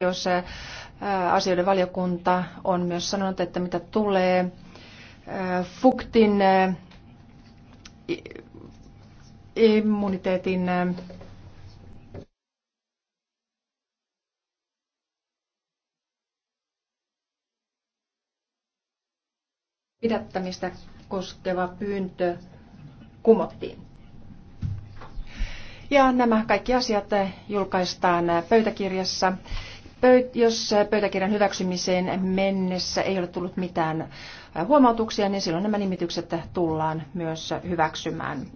jos asioiden valiokunta on myös sanonut, että mitä tulee Fuktin immuniteetin pidättämistä koskeva pyyntö kumottiin. Ja nämä kaikki asiat julkaistaan pöytäkirjassa jos pöytäkirjan hyväksymiseen mennessä ei ole tullut mitään huomautuksia, niin silloin nämä nimitykset tullaan myös hyväksymään.